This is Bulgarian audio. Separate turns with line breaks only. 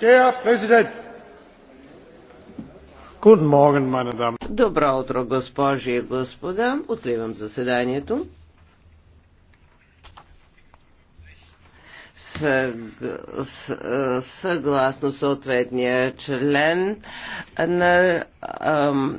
Der Präsident! Guten Morgen, meine Damen. Добро утро, госпожи и господа. Откривам заседанието.
съгласно съответния член на